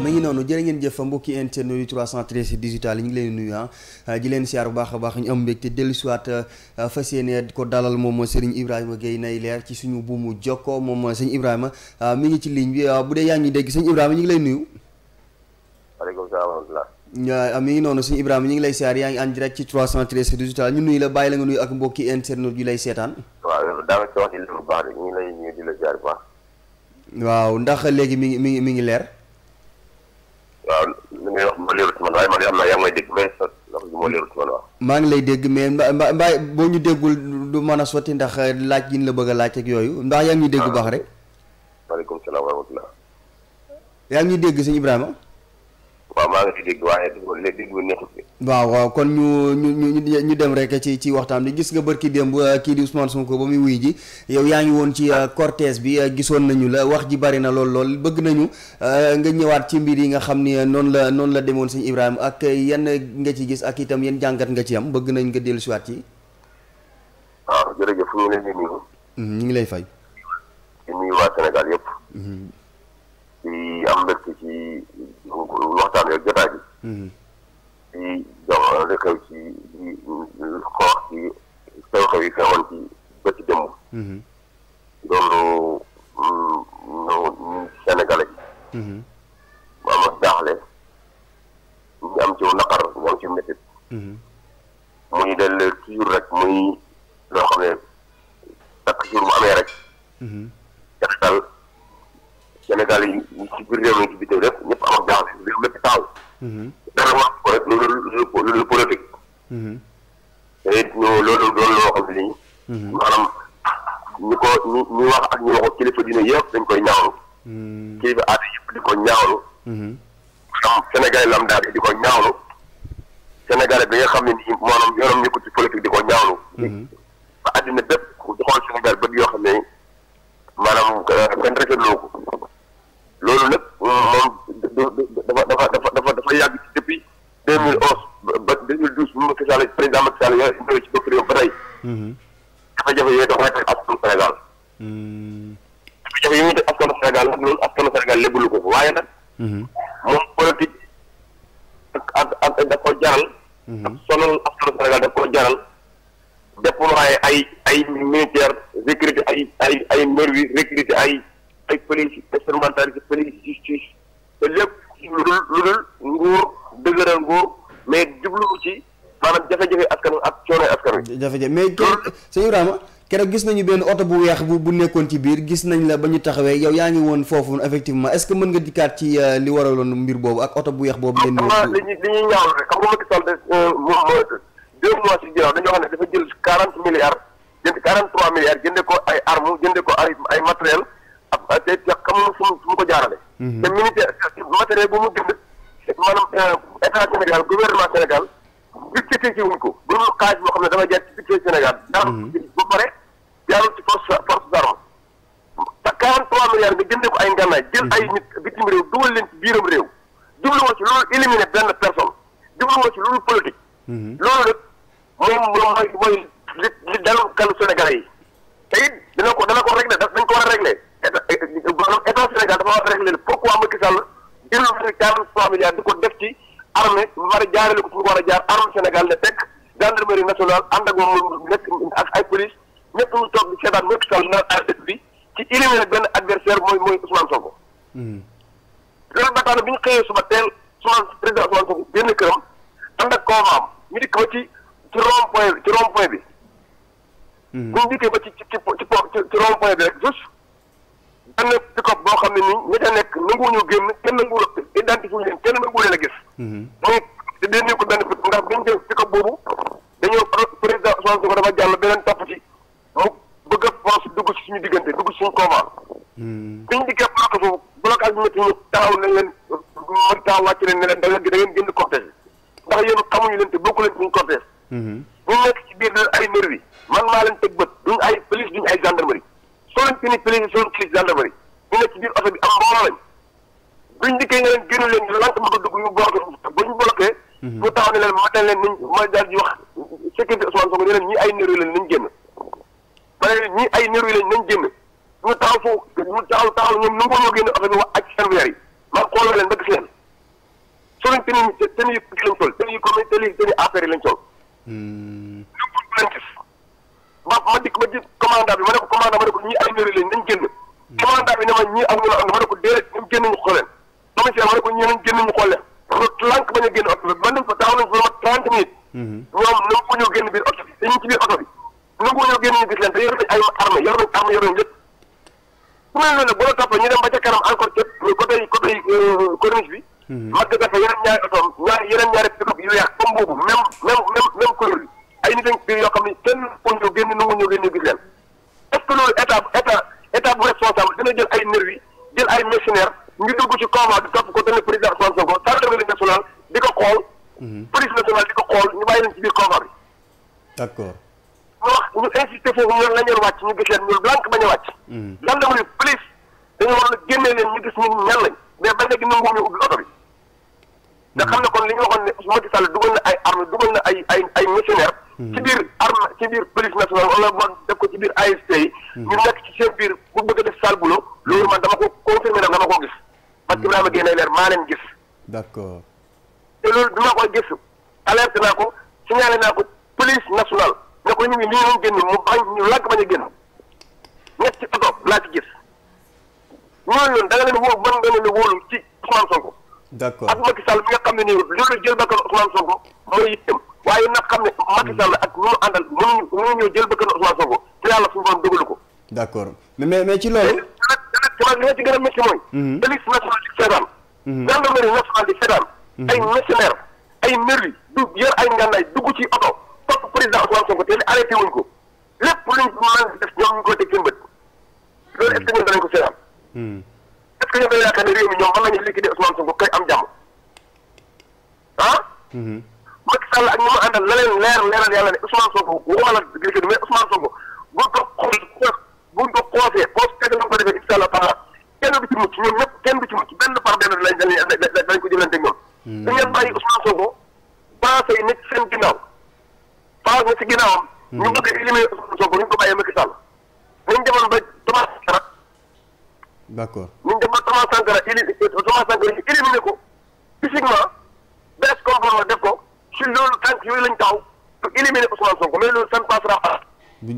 waaw mi ngi noonu jërë ngeen jëf mbokki internet yu 313 digital yi ñu ngi leen nuyu ah ji ah, leen siyaar bu baax a baax ñu am mbégte dellusiwaat ah, fas yéene ko dalal moom Serigne Ibrahima Gueye nay leer ci suñu buumu jokkoo moom sëñ Ibrahima ah, mi ngi ci ligne bi bu dee yaa ngi dégg sëñ Ibrahima ñu ngi lay nuyu. waaleykum mi ngi noonu sëñ Ibrahima ñu ngi lay siyaar yaa ngi en direct ci 313 digital ñu nuyu la bàyyi la nga nuyu ak mbokki internet yu lay seetaan. waaw daanaka ndax léegi mi ngi mi ngi mi ngi leer waaw li ngay wax moo leerul ci man waaye man naa yaa ngi dégg mais sa maa ngi lay dégg mais mba mba boo ñu déggul du mën a sotti ndax euh, laaj yi la bëgg a laaj ak yooyu ndax yaa ngi ñuy dégg bu baax rek. waaleykum salaam wa rahmatulah. yaa ngi dégg sëñ Ibrahima. waaw waaw kon ñu ñu ñu dem rek ci ci waxtaan bi gis nga bër ki démb euh, kii di Ousmane Sonko ba muy wuy ji yow yaa ngi woon ci euh, cortège bi euh, gisoon nañu la wax ji bari na lool lool bëgg nañu nga ñëwaat ci mbir yi nga xam ni noonu la noonu la demoon sëñ Ibrahima ak yan nga ci gis ak itam yan jàngat nga ci am bëgg nañ nga dellu siwaat ci ah, mhm, ñu ngi lay fay di mhm. am mbégte ci waxtaan ak jotaay bi. ci mhm. jamono li xew ci di xoox ci xew-xew yi xewoon ci mhm. mhm. mu am ak jaaxle am ci naqar ñu am ci métit. muy del toujours rek muy. deux mille onze ba deux mille douze bu Macky Sall yooyu ci bopp réew ba tey mhm. jafe-jafe yooyu dafa mhm. waaye nag mhm. askanu Sénégal daf jaral déployer ay ay militaire recruter ay ay ay nervi ay ay police expérimentalisé justice lépp lu dul lu dul nguur dëgëral nguur mais jubluwu ci a jafe-jafe askan ak coono askan wi. jafe-jafe mais keroog sëñ Ibrahima keroog gis nañu benn oto bu weex bu bu nekkoon ci biir gis nañ la ba ñu taxawee yow yaa ngi woon foofu effectivement est que mën nga dikkaat ci euh, li waraloon mbir boobu ak oto bu weex boobu. ngeen ñëw li ah, ñuy li ñuy ñaawal rek xam euh, ne dafa jël quarante milliards jënd quarante trois milliards jënde ko ay armes jënde ko ay ay matériel ak te xamul fu mu ko jaarale. Mhm. te ministère matériel bu mu jënd maanaam euh, état Sénégal gouvernement Sénégal budgété ci wuñ ko bu dul xam ne dama jaar ci budget Sénégal. Mhm. ba pare jaarul ci force force d'arme. te 43 milliards nga jëndee ko ay ngànnaay. jël ay mhm. nit bitim réew dugal leen ci biiram réew. jubluwoo ci loolu éliminer benn personne. jubluwoo ci loolu politique. loolu rek moom moom mooy mooy li li dalu kàllu Sénégalais yi. te it dina ko dana ko réglé daf dañ ko a réglé. maanaam état Sénégal dafa war a régler pourquoi Macky Sall jël na 43 milliards di ko def ci armée ba pare jaarale ko fu mu war a jaar armée Sénégal ne tekk gendarmerie nationale ànd ak moom nekk ak ay police ñëpp ñu toog di seetaan Macky Sall naan ay dëkk bi ci éliminer benn adversaire mooy mooy Ousmane Sonko. Hmm. loolu ba tax bi ñu xëyee suba teel Ousmane président Ousmane Sonko génn këram ànd ak koomaam ñu dikk ba ci ci rond point ci rond point bi. Hmm. ba ci ci point bi rek benn pick-up boo xam ne nii ñi a nekk nanguwuñu génn kenn nanguwul identifié leen kenn nanguwul leen a gis. donc dañ ne ko benn pick-up ndax dañ jël pick-up boobu dañoo président Ousmane ci a force dugg suñu diggante dugg ci suñu combat. Mhm. biñ dikkee bloqué foofu blocage bi métti ñu taxaw nañ leen mën taxaw wàcc leen ne leen da ngeen da ngeen jënd cortège ndax yéen xamuñu leen te bokku leen suñu cortège. bu mhm. nekk ci biir ay nervi man maa leen teg bët duñ ay seeni police seen police gendarmerie ñu nekk ci biir oto bi am mbooloo lañ buñ dikkee nga leen génn leen ñu lànk bëgg a dugg ñu bloqué ba ñu bloqué pour mhm. taxaw ne leen matal leen nañ ma daal di wax sécurité Ousmane Sonko ne leen ñi ay néru leen nañ génn ma ne ñi ay néru leen nañ génn ñu taxaw foofu ñu taxaw taxaw ñoom nu ngoo ñoo génn oto bi wax ak servière yi man xooloo leen ba gis leen soluñ teni yu lañ sol teni yu communes lañ sol hmm. ba ma dikk ma gis commandant bi ma ne ko commandant ma ne ko ñii ay nari lañ dañ génn hmm. commandant bi ne ma ñii ak ñu la ànd ma ne ko déedéet ñu génn ñu xool leen commissaire ma ne ko ñii nañ génn ñu xool leen rot lànk bañ a génn oto bi man nañ fa taxaw nañ fa lu mat trente minutes hmm. ñoom nangu ñoo génn biir oto bi te ñu ci biir oto bi nangu ñoo génn ñu gis leen te yor nañ ay arme yor nañ arme yor nañ lépp su mel noonu nag boo toppee ñu dem ba ca kanam encore ca côté côté euh, corniche bi hmm. mag dafa yeneen ñaari oto ñaari yeneen ñaari pick-up yu weex comme boobu même même même même couleur bi ay nit yoo xam ne kenn ku ñu génn nu mu ñu génn gis leen est ce que loolu état responsable dina jël ay nervi jël ay mercenaires ñu dugg ci combat di topp ko te ne président Ousmane Sonko gendarmerie nationale di ko xool. Mhm. police nationale di ko xool ñu bàyyi leen ci biir combat bi. d' accord. ñu wax ñu insister foofu ñoom la ñu wàcc ñu gis leen ñun blanc bañ a wàcc. gendarmerie mhm. police dañu war a génnee leen ñu gis ñun ñan lañ mais ba léegi nanguwu ñu ubbi oto bi. Mhm. nga ne kon li ñu waxoon ne Macky Sall na ay armes ay ay ay ci biir arme ci biir police nationale wala man def ko ci biir ASP yi. ñu nekk ci seen biir bu bëgg a def sale boulot loolu man dama ko confirmé nag dama ko gis. parce que Ibrahima Gueye maa leen gis. d' accord te alerte naa ko signalé naa ko police nationale ne ko ñu ngi moom génn mu bañ ñu a génn ñett ci oto laa ci gis ñooñu noonu da nga leen wóolu mën nga leen wóolu ci Ousmane Sonko. d' accord ak waaye nag xam ne Macky Sall ak ñu mu àndal mënuñu mënuñoo jël bëgg na Ousmane Sonko te yàlla suñu borom dogalu ko. d'accord mais mais mais ci loolu. li nga ci gën a métti mooy. Mm-hmm. police nationale di seetaan. Mm-hmm. gendarmerie nationale di seetaan. Mm-hmm. ay mercenaires ay nervi du yor ay dugg ci oto topp président Ousmane ko te li arrêté wuñ ko lépp luñ mën def ñoom ñu koy teg seen bët loolu est-ce que ñun danañ ko seetaan. est-ce que ñun dañoo yaakaar ne réew mi ñoom am jàmm ah. Sall ak ñi ma àndal na leen leer leeral yàlla ne Ousmane Sonko waxuma la gis-gis mais Ousmane Sonko buñ ko xool buñ ko xoosee xoos fekk na ko defee incha allah taala kenn du ci mucc ñoom ñëpp kenn du ci mucc benn par benn lañ dañ ko jëlante ak ñoom. su hmm. ngeen bàyyi Ousmane Sonko paase yi nekk seen ginnaaw paase na si ginnaawam. ñu hmm. bëgg a éliminer Ousmane Sonko ñu ko bàyyee Macky Sall nañ demoon ba Thomas Sankara. d' accord nañ demoon ba Thomas Sankara éli Thomas Sankara éliminer ko physiquement bees comportement def ko. ci loolu tànk yooyu lañ taxaw pour éliminer Ousmane Sonko mais loolu ça ne passera loolu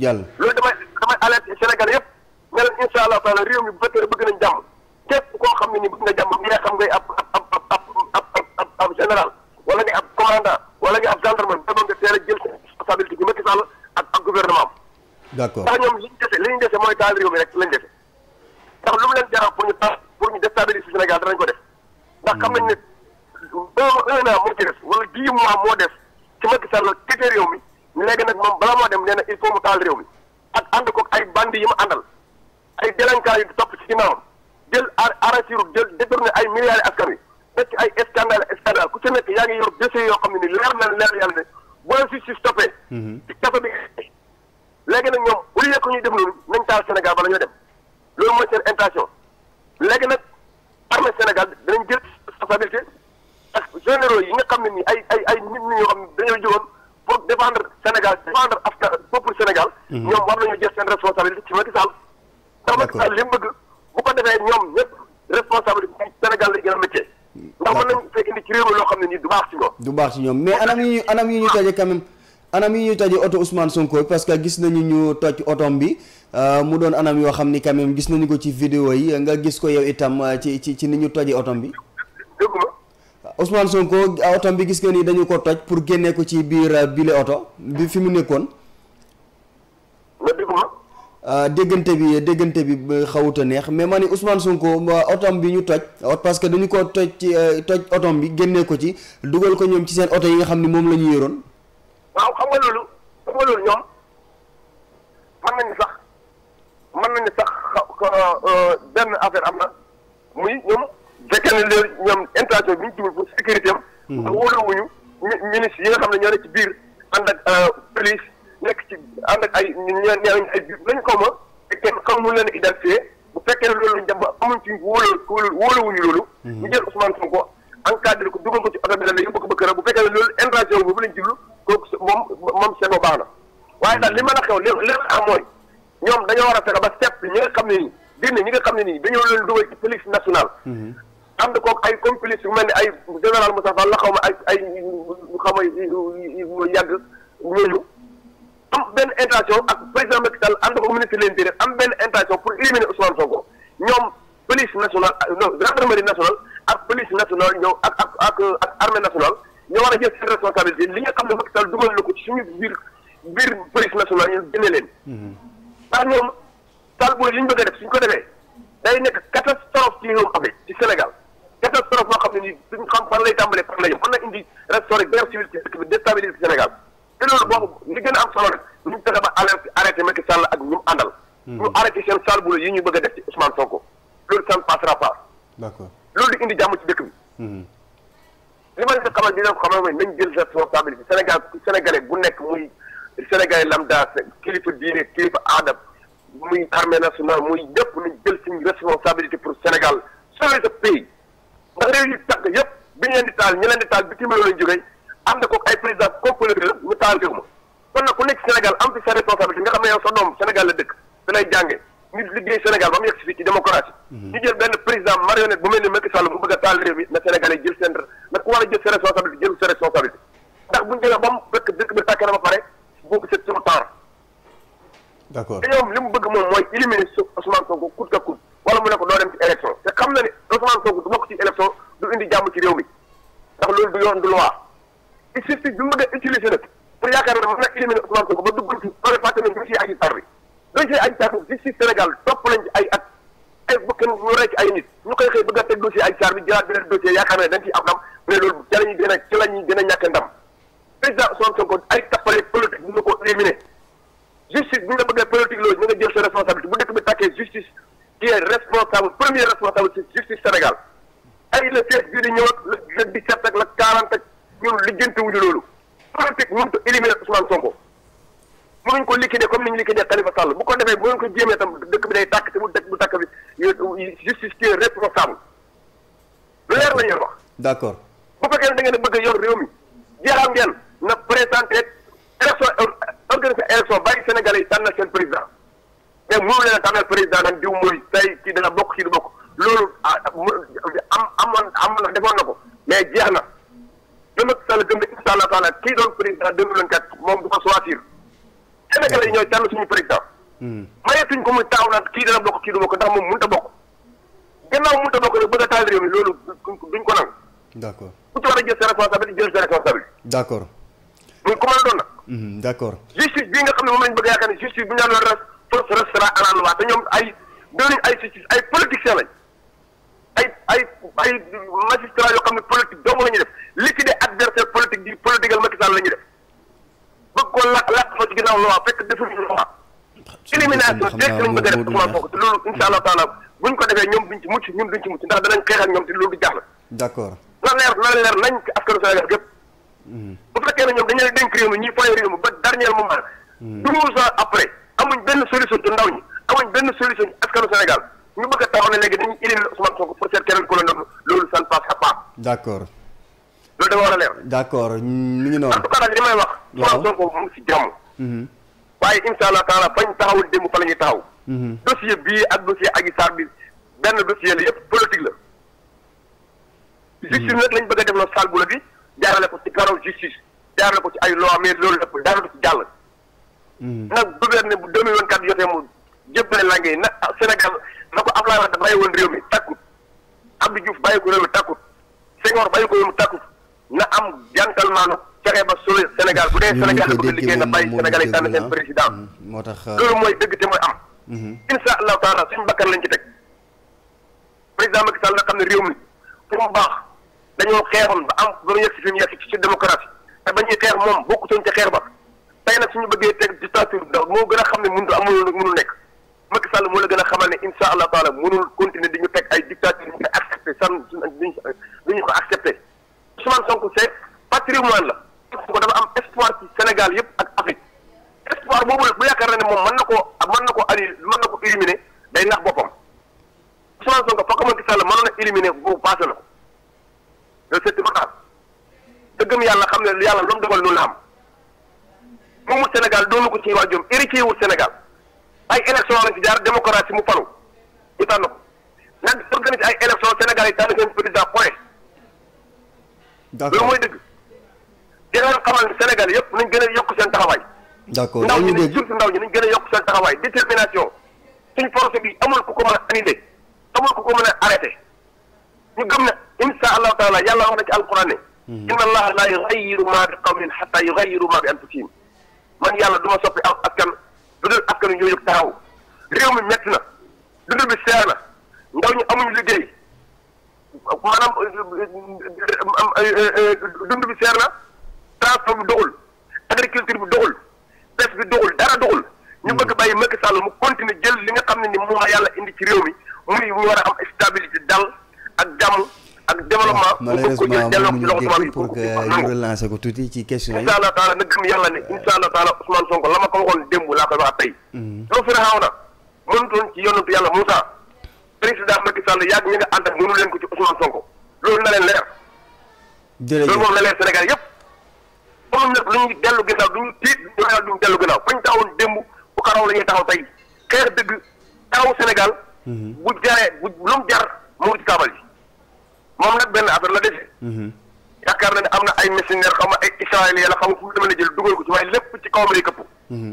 damay damay alerte Sénégal yëpp ne leen incha allah taala réew mi bu fekkee bëgg nañ jàmm képp koo xam ne ni bëgg nga jàmm bi nga xam ngay ab ab ab ab ab ab général wala nga ab commandant wala nga ab gendarme dama nga teel a jël seen responsabilité bi Macky Sall ak li ñu dese li ñu dese mooy taal réew mi rek lañ leen jaral pour ñu taal pour ñu déstabiliser Sénégal ko def ndax xam nañ ne. un an moo ci def wala dix mois moo def ci Macky Sall tëjee réew mi léegi nag moom bala moo dem nee na il faut mu taal réew mi ak ànd ko ay bandi yi ma àndal ay délinquants yu topp ci ginnaawam jël arachide jël détourné ay milliards askan wi def ci ay scandale scandale ku ci nekk yaa ngi yor dossier yoo xam ne ni leer na leer yàlla ne bu la justice toppee. Mhm. ci kaso bi nag ñoom au lieu que ñuy def loolu nañ taal Sénégal bala ñoo dem loolu mooy seen intention léegi nag armée Sénégal dinañ jël responsabilité. ak yi nga xam ne nii ay ay ay nit ñi ñoo xam ne dañoo jógoon pour défendre Sénégal défendre afka peuple Sénégal. Mhm. ñoom war nañu jël seen responsabilité ci Macky Sall. ndax Macky Sall li bëgg bu ko defee ñoom ñëpp responsabilité Sénégal lay gën a métier. ndax mën nañu fekk indi ci réew mi loo xam ne nii du baax ci ñoom. du baax ci ñoom mais anam yi ñu anam yi ñu ah. tëjee quand même. anam yi ñu tojee oto Ousmane Sonko parce que gis nañu ñu toj otom bi euh, mu doon anam yoo xam ni quand gis nañu ko ci vidéo yi nga gis ko yow itam euh, ci ci ci ni ñu tojee otom bi. Ousmane Sonko otom bi gis nga nii dañu ko toj pour génne ko ci biir euh, bile oto bi fi mu nekkoon. Euh, déggante bi déggante bi euh, xawuta neex mais ma ni Ousmane Sonko otom bi ñu toj parce que dañu ko toj ci toj otom bi génne ko ci dugal ko ñoom ci seen oto yi nga xam ni moom la ñu yoroon. waaw xam nga loolu xam nañu sax mën nañu sax benn affaire am na muy ñoom fekkee ne ñoom. administration bi ñu jubal pour sécurité am. Mhm. te wóoluwuñu ministre yi xam ne ñoo nekk ci biir ànd ak euh, police nekk ci ànd ak ay ñu ñu ay ma te kenn xamul leen identifié bu fekkee ne loolu lañ dem ba amuñ ci wóolu wóoluwuñu loolu. Mhm. ñu jël Ousmane Sonko encadré ko dugal ko ci oto bi dañ la yóbbu ba këram bu fekkee ne loolu infraction boobu lañ jublu kooku moom moom seen baax na waaye daal li mën a xew li li mën a am mooy ñoom dañoo war a fexe ba sepp ñi nga xam ne nii dinañ ñi nga xam ne nii dañoo leen dugal ci police nationale. Mhm. ànd koog ay complice yu mel ni ay général Moussa Fall la xaw ma ay ay xaw ma yàgg ñooñu am benn intention ak président Macky Sall ànd ko ministre de l'Intérieur am benn intention pour éliminer Ousmane Sonko ñoom police nationale euh, non gendarmerie nationale ak police nationale ñoo ak ak ak ak armée nationale ñoo war a jël seen responsabilité li nga xam ne Macky Sall dugal na ko ci suñu biir biir police nationale ñu génne leen. Mm-hmm. ndax ñoom Sall bu li ñu bëgg a def suñ ko defee day nekk catastrophe ci ñoom amee ci Sénégal. catastrophe boo xam ne nii duñ xam fan lay tàmbalee fan lay yem mën na indi restaurer guerre civile ci dëkk bi déstabiliser Sénégal te loolu boobu li gën a am solo rek ñu fexe ba alerte arrêté Macky Sall ak ñu àndal. Hmm. ñu arrêté seen sale boulot yi ñu bëgg a def ci Ousmane Sonko loolu ça ne passera pas. d'accord loolu di indi jàmm ci dëkk bi. Hmm. li ma leen di xamal di leen ko xamal mooy nañ jël responsabilité Sénégal Sénégalais bu nekk muy Sénégalais lambda kilifa diine kilifa aadam muy armée nationale muy ñëpp nañ jël suñu responsabilité pour Sénégal sauver ce pays. ndax réew yi tàgg yëpp bi ñu leen di taal ñu leen di taal bitim réew lañ jógee am na ko ay président comploteur la ñu taal réew ma kon nag ku nekk Sénégal am fi sa responsabilité nga xam ne yow sa doom Sénégal la dëkk fi lay jànge ñu liggéey Sénégal ba mu yegg si fii ci démocratie mhm. ñu jël benn président marionnette bu mel ni Macky Sall mu bëgg a taal réew mi na Sénégal yi jël seen na ku war a jël sa responsabilité jël sa responsabilité ndax ba mu fekk dëkk bi tàkkee na bëgg moom mooy éliminer Ousmane Sonko coûte que wala mu ne ko doo dem ci élection te xam na ne Ousmane Sonko du bokk ci élection du indi jàmm ci réew mi ndax loolu du yoon du loi il bi mu bëgg a utiliser pour yaakaar na mën na éliminer Ousmane Sonko ba dugg ci projet fàtte nañ ñu ci Adji Sarr bi dossier Adji Sarr bi justice Sénégal topp lañ ci ay at ay ñu rey ci ay nit ñu koy xëy a teg dossier bi jëlaat beneen dossier ne dañ ciy am ndam mais loolu ci lañuy gën a ci lañuy gën a ñàkk ndam ay tappale politique bi ñu ko éliminer justice bi nga bëgg a politique loolu ñu nga jël sa responsabilité qui est responsable premier responsable ci justice Sénégal ay la fees bii di ñëw le 17 ak le 40 ak ñun lijjanti wuñu loolu politique mënut ko éliminer Ousmane Sonko mënuñ ko liquider comme ni ñu liquider Khalifa Sall bu ko defee bu ko jéemee tam dëkk bi day tàkk te bu dëkk bu tàkk bi justice qui est responsable lu leer la ñuy wax. d'accord bu fekkee ne da ngeen bëgg a yor réew mi jeexal ngeen na présenté élection organisé élection bàyyi Sénégalais yi tànn seen président. te mënu leen a tànnal président nag diw mooy tey dana bokk kii du bokk loolu ah, am amoon amoon na defoon na ko mais jeex na gëm ak Sall gëm ne incha allah taala kii doon président deux mille vingt quatre moom du ko choisir Sénégalais hmm. ko muy taaw naan kii dana bokk kii du bokk ndax moom mënut a bokk gannaaw mënut a bokk rek bëgg a taal réew mi loolu duñ ko nangu d'accord ku ci war a jël sa responsabilité jël sa responsabilité d'accord muy ku mën a doon nag hmm, d'accord justice bii nga xam ne moom lañ bëgg yaakaar ne justice bu ñu daan doon restera a la loi te ñoom ay doonuñ ay justice ay politiciens lañ ay ay ay magistrats yoo xam ne politique doomu la ñuy def liquider adversaire politique di politique Macky Sall la ñuy def bëgg ko làq làq fa ci ginnaaw loi fekk ah, a def Ousmane Sonko te loolu insha allah taala buñ ko defee ñoom duñ ci mucc ñun duñ ci mucc ndax danañ xeex ak ñoom te loolu du jaaxle d'accord na leer na nañ ci askanu Sénégal gépp hmm. bu fekkee ne ñoom dañu leen dénk réew mi ñuy fay réew mi ba dernier moment hmm. douze ans après amuñ benn solution ci ndaw ñi amuñ benn solution ci askanu Sénégal ñu bëgg a taxaw ne léegi dañuy éliminer Ousmane ko pour seet keneen ku la noonu loolu ça ne passera pas. d' accord. loolu dafa war a leer. d' accord mi ngi noonu. en tout cas daal li may mhm. démb fa la ñuy taxaw. Mhm. dossier bii ak dossier Adji Sarr bi benn dossier la yëpp politique la. Mhm. justice nag lañ bëgg a def na saal bu la bi jaarale ko ci karaw justice jaarale ko ci ay loi mais loolu lépp daanaka ci jàll. Mm-hmm. nag gouvernement bu 2024 jotee mu jëppale langue yi na Sénégal na ko Abdoulaye Wade bàyyi woon réew mi takkut Abdou Diouf bàyyi ko réew mi takkut Senghor bàyyi ko réew mi takkut na am jantal maanu fexe ba sauver Sénégal bu dee Sénégal bëgg a liggéey na bàyyi Sénégal yi tànn seen président mm-hmm. moo tax euh, loolu mooy dëgg te mooy am mm-hmm. insha allahu taala suñu bakkan lañ ci teg président Macky Sall na xam ne réew mi pour mu baax dañoo xeexoon ba am ba mu yegg si fi mu yegg ci démocratie te ba ñuy xeex moom bokkutoon ca xeex ba tey nag suñu bëggee teg dictature bi daw moo gën a xam ne mënut amul mënul nekk Macky Sall moo la gën a xamal ne incha allah taala mënul continuer di ñu teg ay dictature ñu koy accepté san du ñu ko accepté Ousmane Sonko c'est patrimoine la ko dafa am espoir ci Sénégal yëpp ak Afrique espoir boobu bu yaakaar na ne moom man na koo mën na ko ali mën na ko éliminer day nax boppam Ousmane Sonko fa ko Macky Sall mënoon a éliminer boobu passé na ko loolu c'est important te gëm yàlla xam ne yàlla lu mu dogal noonu la am moomu Sénégal doonu ko ci waajuram héritier wul senegal ay élection lañ ci jaar démocratie mu falu ñu tànn ko nag organiser ay élection senegal yi tànn seen président point loolu mooy dëgg di leen xamal ne Sénégal yëpp nañ gën a yokk seen taxawaay d'accord ndaw ñi ne ndaw ñi nañ gën a yokk seen taxawaay détermination suñ force bi amul ku ko mën a annulé amul ku ko mën a arrêté ñu gëm ne insha allahu taala yàlla wax na ci alquran ne hmm. inna allaha la yughayyiru ma bi qawmin hatta yughayyiru ma bi anfusihim man yàlla du ma soppi am askan lu dul askan wi ñoo jóg mi métti na dund bi seer na ndaw ñi amuñu liggéey maanaam euh, euh, euh, dund bi seer na transport bi doxul agriculture bi doxul pêche bi doxul dara doxul. ñu bëgg bay Macky Sall mu continuer jël li nga xam ne ni moom la yàlla indi ci réew mi muy mu war a am stabilité dal ak jàmm. ak développement ah, malheureusement mënuñu dégg pour que ñu relancer ko tuuti ci question yi incha allah taala na gëm yàlla ne ah. incha allah taala Sonko la ma ko waxoon démb laa koy wax tey mhm. loo firaaw président Macky Sall yàgg ñi nga ko ci Ousmane Sonko loolu la leen leer jërëjëf loolu moom na leen Sénégal yëpp moom nag lu ñu dellu ginnaaw du ñu tiit du ñu dellu taxawoon démb bu karaw la ñuy taxaw tey xeex dëgg taxaw Sénégal mhm. bu jaree bu lu mu jar mu ngi ci taabal yi moom nag benn affaire la defee. Mhm. yaakaar na ne am na ay missionnaire xam ay israélien la xam fu mu demee jël dugal ko ci waaye lépp ci kawam lay këpp. Mhm.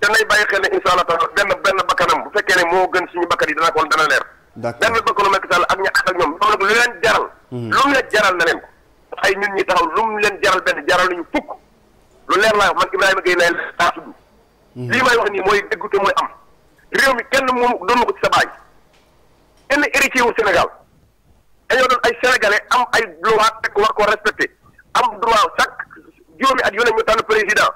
te na bàyyi xel ne incha allah taala benn benn bakkanam bu fekkee ne moo gën suñu bakkan yi dana ko dana leer. d'accord benn bakkanu ak ña ànd ñoom ñoom nag lu leen jaral. Mhm. lu mu leen jaral na leen ko. ay ñun ñi taxaw lu mu leen jaral benn jaral ñu fukk lu leer laa man Ibrahima Gueye lay laa tudd. lii may wax nii mooy dëgg te am réew mi kenn moom doon ko ci kenn héritier wu Sénégal dañoo doon ay sénégalais am ay droit teg war koo respecté am droit chaque juróomi at yu ne ñu tànn président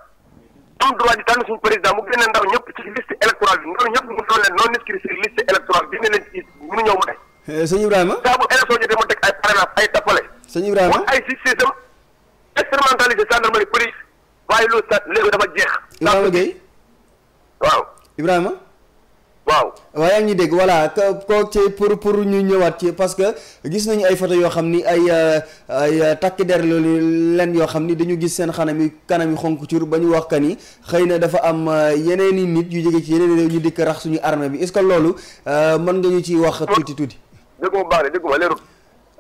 am droit di tànn suñu président mu génne ndaw ñëpp ci liste électorale bi ndaw ñëpp mu doon leen non inscrit ci liste électorale bi ne leen ci mënu ñëw mu teg. Eh, sëñ Ibrahima. saa bu élection jotee mu teg ay parrainage ay tappale. sëñ Ibrahima wax ay système instrumentalisé gendarmerie police waaye loolu sax léegi dafa jeex. Ibrahima Gueye waaw Ibrahima. waaw waaw yaa ngi dégg voilà ko ci pour pour ñu ñëwaat ci parce que gis nañu ay photo yoo xam ni ay euh, euh, takk der loolu leen yoo xam ni dañu gis seen xanam yi kanam yi xonk cur ba ñu wax ka ni xëy na dafa am euh, yeneen i nit yu jóge ci yeneen réew ñu dikk rax suñu armée bi est-ce que loolu mën nga ñu ci wax tuuti tuuti.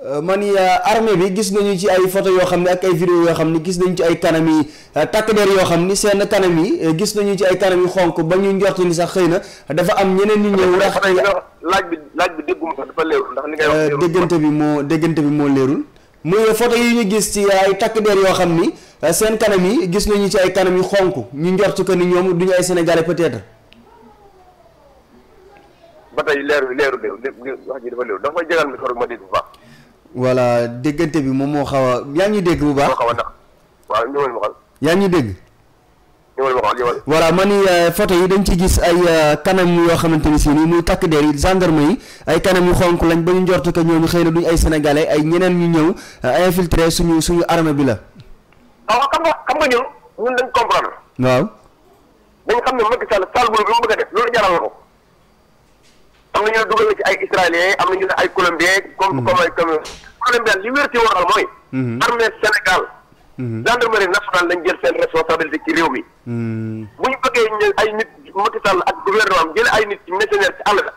Euh, man armée bi gis nañu ci ay photo yoo xam ne ak ay vidéo yoo xam ne gis nañu ci ay kanam yi euh, yoo xam ni seen kanam yi euh, gis nañu ci ay kanam yu xonk ba ñu njort ni sax xëy na dafa am ñeneen ñu ñëw laaj bi laaj ndax li déggante bi moo déggante bi moo leerul muy photo yi ñu gis ci ay takk der yoo xam ni seen kanam yi gis nañu ci ay kanam yu xonk ñu njort ko ni ñoom duñu ay sénégalais peut-être leeru leeru leeru voilà déggante bi moom moo xaw yaa ngi dégg bu baax. xaw a ndax yaa ngi dégg. ñëwal ma xool ñëwal. Euh, yi dañ ci gis ay euh, kanam yoo xamante ni si nii muy takk der yi gendarme yi ay kanam yu xonk lañ ba ñu njort que ñooñu xëy na duñ ay sénégalais ay ñeneen ñu ñëw euh, infiltré suñu suñu armée bi la. Ah, waaw dañ xam ne Macky Sall Sall bu bi mu bëgg def loolu jaral na ko. am na ñu dugal na ci ay israéliens am na ñu ne ay colombiens. comme mhm. comme ay comme colombien li wér ci waral mooy. Mhm. armée mhm. jël seen responsabilité ci réew mi. bu ñu bëggee ay nit Macky Sall ak gouvernement jël ay nit ci ci àll ba.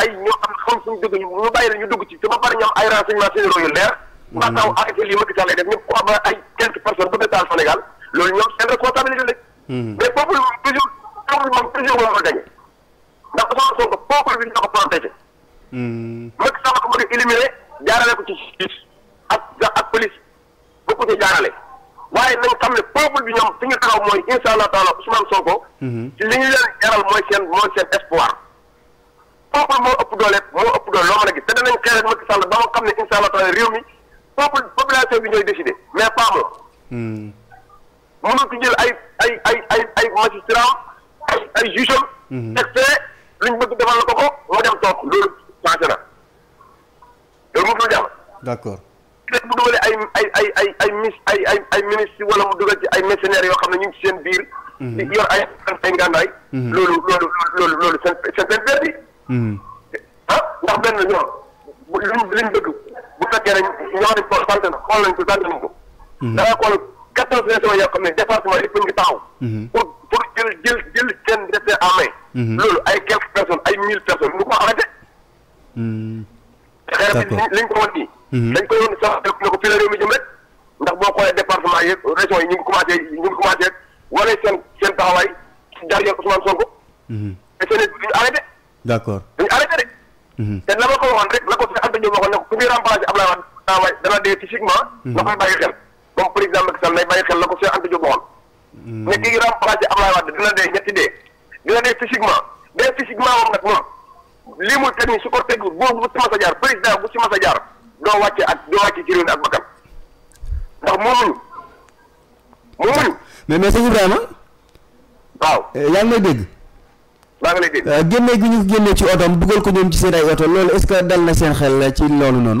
ay ñoo xam xam suñ dugg ñu ñu ñu dugg ci te ba pare ñu am ay renseignements généraux yu leer. ba taw arrêté lii Macky Sall lay def ñu ko ba ay quelques personnes bu détaal Sénégal ñoom seen responsabilité la. mais peuple moom ndax Ousmane Sonko peuple bi ñu ko protégé. Hmm. Macky Sall ko bëgg a éliminer jaarale ko ci justice ak ak police ba ko ci jaarale waaye nañ xam ne peuple bi ñoom fi ñu taxaw mooy incha allah taala Ousmane Sonko. Hmm. ci li ñu leen jaral mooy seen mooy seen espoir. peuple moo ëpp doole moo ëpp doole loo mën a gis te danañ xeex ak Macky Sall ba ma xam ne incha allah taala réew mi peuple population bi ñooy décider mais pas moom. Hmm. mënul ci jël ay ay ay ay ay magistrat ay ay juge am. liñ bëgg defal la ko ko moo dem toog loolu changé na loolu moom la jàll. d'accord léegi bu dugalee ay ay ay ay ay mis ay ay ay ministres wala mu dugal ay mercenaires yoo xam ne ñu ngi ci seen biir. Mhm. di yor ay ay ngànnaay. Mhm. loolu loolu loolu loolu seen seen seen perte yi. Mhm. ah ndax benn ñoom bu liñ liñ bëgg bu fekkee ne ñoo xam ne xool sant na xool nañ ko sant nañ ko. quatorze régions yoo xam ne département yëpp ngi taxaw. Mhm. pour pour jël jël jël seen destin en main. Mhm. loolu ay quelques personnes ay mille personnes ñu ko arrêté. d' mhm. accord te xëy na liñ ko mën nii. dañ ko yoon sax ne ko fii la réew mi jëm rek ndax boo xoolee département yëpp régions yi ñu ngi commencé ñu ngi commencé wane seen seen taxawaay ci derrière Ousmane Sonko. te seen duñu arrêté. d' accord duñu arrêté rek. te la ma ko waxoon rek la ko fi Anta Diop waxoon ne ko ku ñuy remplacé Abdoulaye Wade dana dee physiquement. na koy bàyyi xel. comme président Macky Sall lay bàyyi xel la ko Cheikh Anta Diop waxoon. Hmm. ne kii remplacé Abdoulaye Wade dina dee ñetti dee. dina dee physiquement dee physiquement moom nag moom lii muy teg nii su ko teg boobu bu ci mas a jaar président bu ci mas a jaar doo wàcce ak doo wàcce ci réew mi ak bakkan ndax moomuñu moomuñu. mais mais sëñ Ibrahima. waaw eh, yaa ngi lay dégg. maa ngi lay dégg. Eh, génne gi ñu génne ci otoom dugal ko ñoom ci seen ay oto loolu est dal na seen xel ci loolu noonu.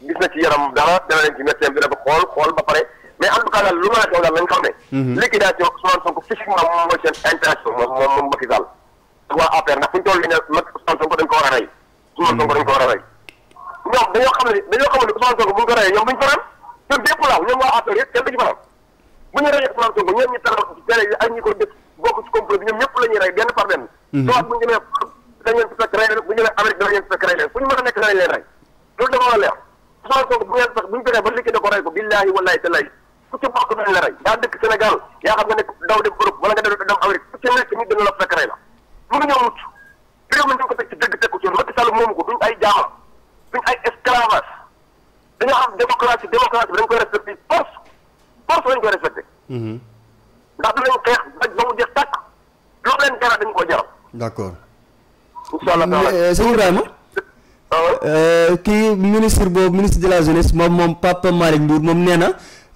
gis na ci yaram dara dana leen ci médecin bi dana ko ba pare mais en tout cas daal a xew daal nañ xam ne. liquidation a rey. Ousmane Sonko dañ ko war a rey. ñoom dañoo xam ne dañoo xam ne Ousmane Sonko bu ñu ko reyee ñoom duñ faral ñoom bépp laaw ñoom waa APR yëpp kenn du ci faral bu ñu reyee Ousmane Sonko ñoom ñu taral ci télé yi ak ñi ko dëkk bokk ci complot bi ñoom ñëpp la ñuy rey benn par benn. soit bu ñu demee dañ Ousmane Sonko bu ngeen sax bu ñu fexee ba liggéey da ko rey ko billaahi wallaahi tallaahi ku ci bokk nañ la rey yaa dëkk Sénégal yaa xam nga nekk daw dem Europe wala nga dem dem Amérique ku ci nekk nit dana la fekk rey la mënu ñoo mucc réew mi dañ ko teg ci dëgg teg ko ci yoon Macky Sall ko duñ ay jaam duñ ay esclavage dañoo xam démocratie démocratie bi dañ koy respecté force force lañ koy respecté mhm. ndax dinañ xeex bañ ba mu jeex tàkk loolu leen dara dañ ko jaral d'accord incha allah euh, sëñ Euh, kii ministre boobu ministre de la jeunesse moom moom Pape Malick Ndour moom nee na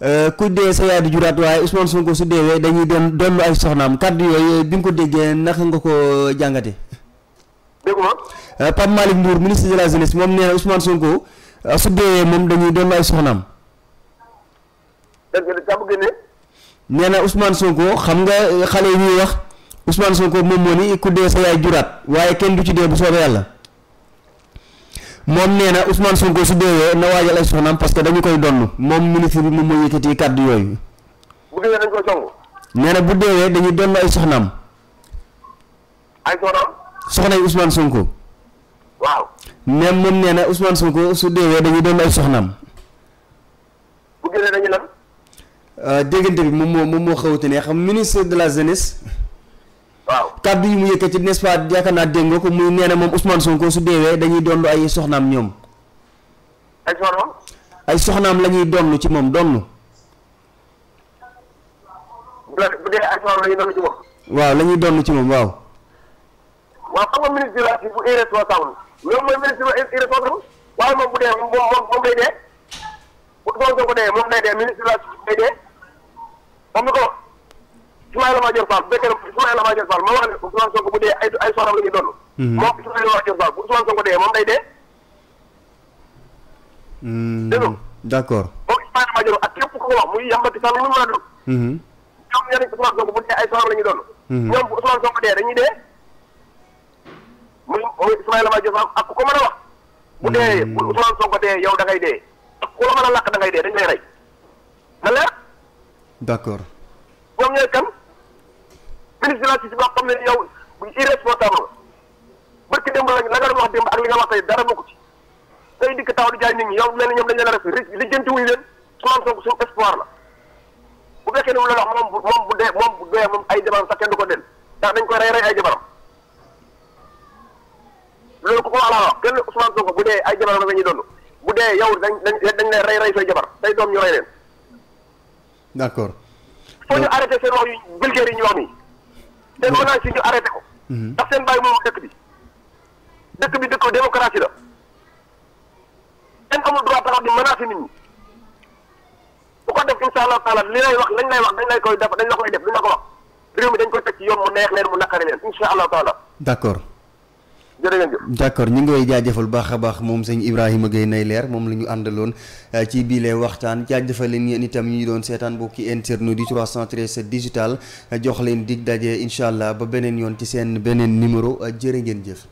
euh, ku dee sa yaay di juraat waaye Sonko su deewee dañuy doon doon lu soxnaam kàddu yooyu bi nga ko déggee naka nga ko jàngate dégg nga. Euh, Pape Malick Ndour moom nee na Ousmane su deewee moom dañuy doon na Ousmane Sonko xam nga xale yi ñuy wax Ousmane Sonko moo ni ku dee sa yaay juraat waaye kenn du ci dee bu soobee yàlla. moom nee na Ousmane Sonko su deewee na ay soxnaam parce que dañu koy donn moom ministre bi moom moo yëkkati kàddu yooyu. bu deewee bu deewee dañuy donn soxnaam. ay soxna yi Ousmane Sonko. waaw. nee na Ousmane Sonko su deewee dañuy donn soxnaam. bu génnee dañuy lan. Euh, déggante bi moom moo ne xam ministre de la jeunesse. kàddu yi mu yëkkati n'est-ce pas naa dégg ko muy nee na moom Ousmane Sonko su deewee dañuy donn ay soxnaam ñoom. ay soxnaam. ay soxnaam ci moom donn. bu dee ay ci moom. waaw la ñuy ci moom waaw. moom bu dee moom moom moom day dee bu Ousmane dee moom dee dee moom mi ko. Ismaïla Madior Fall bu fekkee ne Ismaïla Madior Fall moo wax ne Ousmane bu dee ay ay soxnaam la ñuy doon. Mhm. moom Ismaïla Madior Fall bu Ousmane Sonko dee moom dee. Hmm. dégg nga. d'accord moom ko wax muy yàmbati mu mën a doon. Mhm. ñoom ñeneen Ousmane Sonko bu dee ay soxnaam la ñuy doon. Mhm. ñoom bu Ousmane Sonko dee ak ko mën a wax. bu dee bu Ousmane Sonko dee yow da dee ak ku la mën a làkk da ngay dee dañ lay na leer. d'accord ñoom ñooy kan. ministre de la justice boo xam ne yow irresponsable la barki démb lañ la nga doon wax démb ak li nga wax tey dara bokku ci tey dikk taw di jaay nit ñi yow mel ñoom dañ leen a rafet li wuñu leen Ousmane Sonko suñu la bu fekkee ne mu la wax moom bu dee moom bu dee ay jabaram sax kenn du ko del ndax dañ koy rey rey ay jabaram loolu ku ko wax laa wax kenn Ousmane Sonko bu ay jabaram la ñuy doon bu dee yow dañ dañ dañ lay rey rey say jabar say doom ñu rey leen. d'accord. foo ñu euh, arrêté seen wax yu vulgaire yi ñu wax nii. déggoo naa si ñu arrêté ko. Mhm. ndax seen bàyyi moo wax dëkk bi dëkk bi dëkk démocratie la kenn amul droit taxaw di menacer nit ñi bu ko def incha allah taala li lay wax lañ lay wax dañ lay koy def dañ la koy def duñ la ko wax réew mi dañ koy teg ci yoon mu neex leen mu naqari leen incha allah taala. d'accord. d' accord ñu ngi koy jaajëfal baax a baax moom sëñ Ibrahima Gueye nay leer moom la ñu àndaloon eh, ci biile waxtaan jaajëfal leen yéen itam ñu doon seetaan bokki internet di 313 digital jox leen dig daje incha allah ba beneen yoon ci seen beneen numéro jërë ngeen jëf.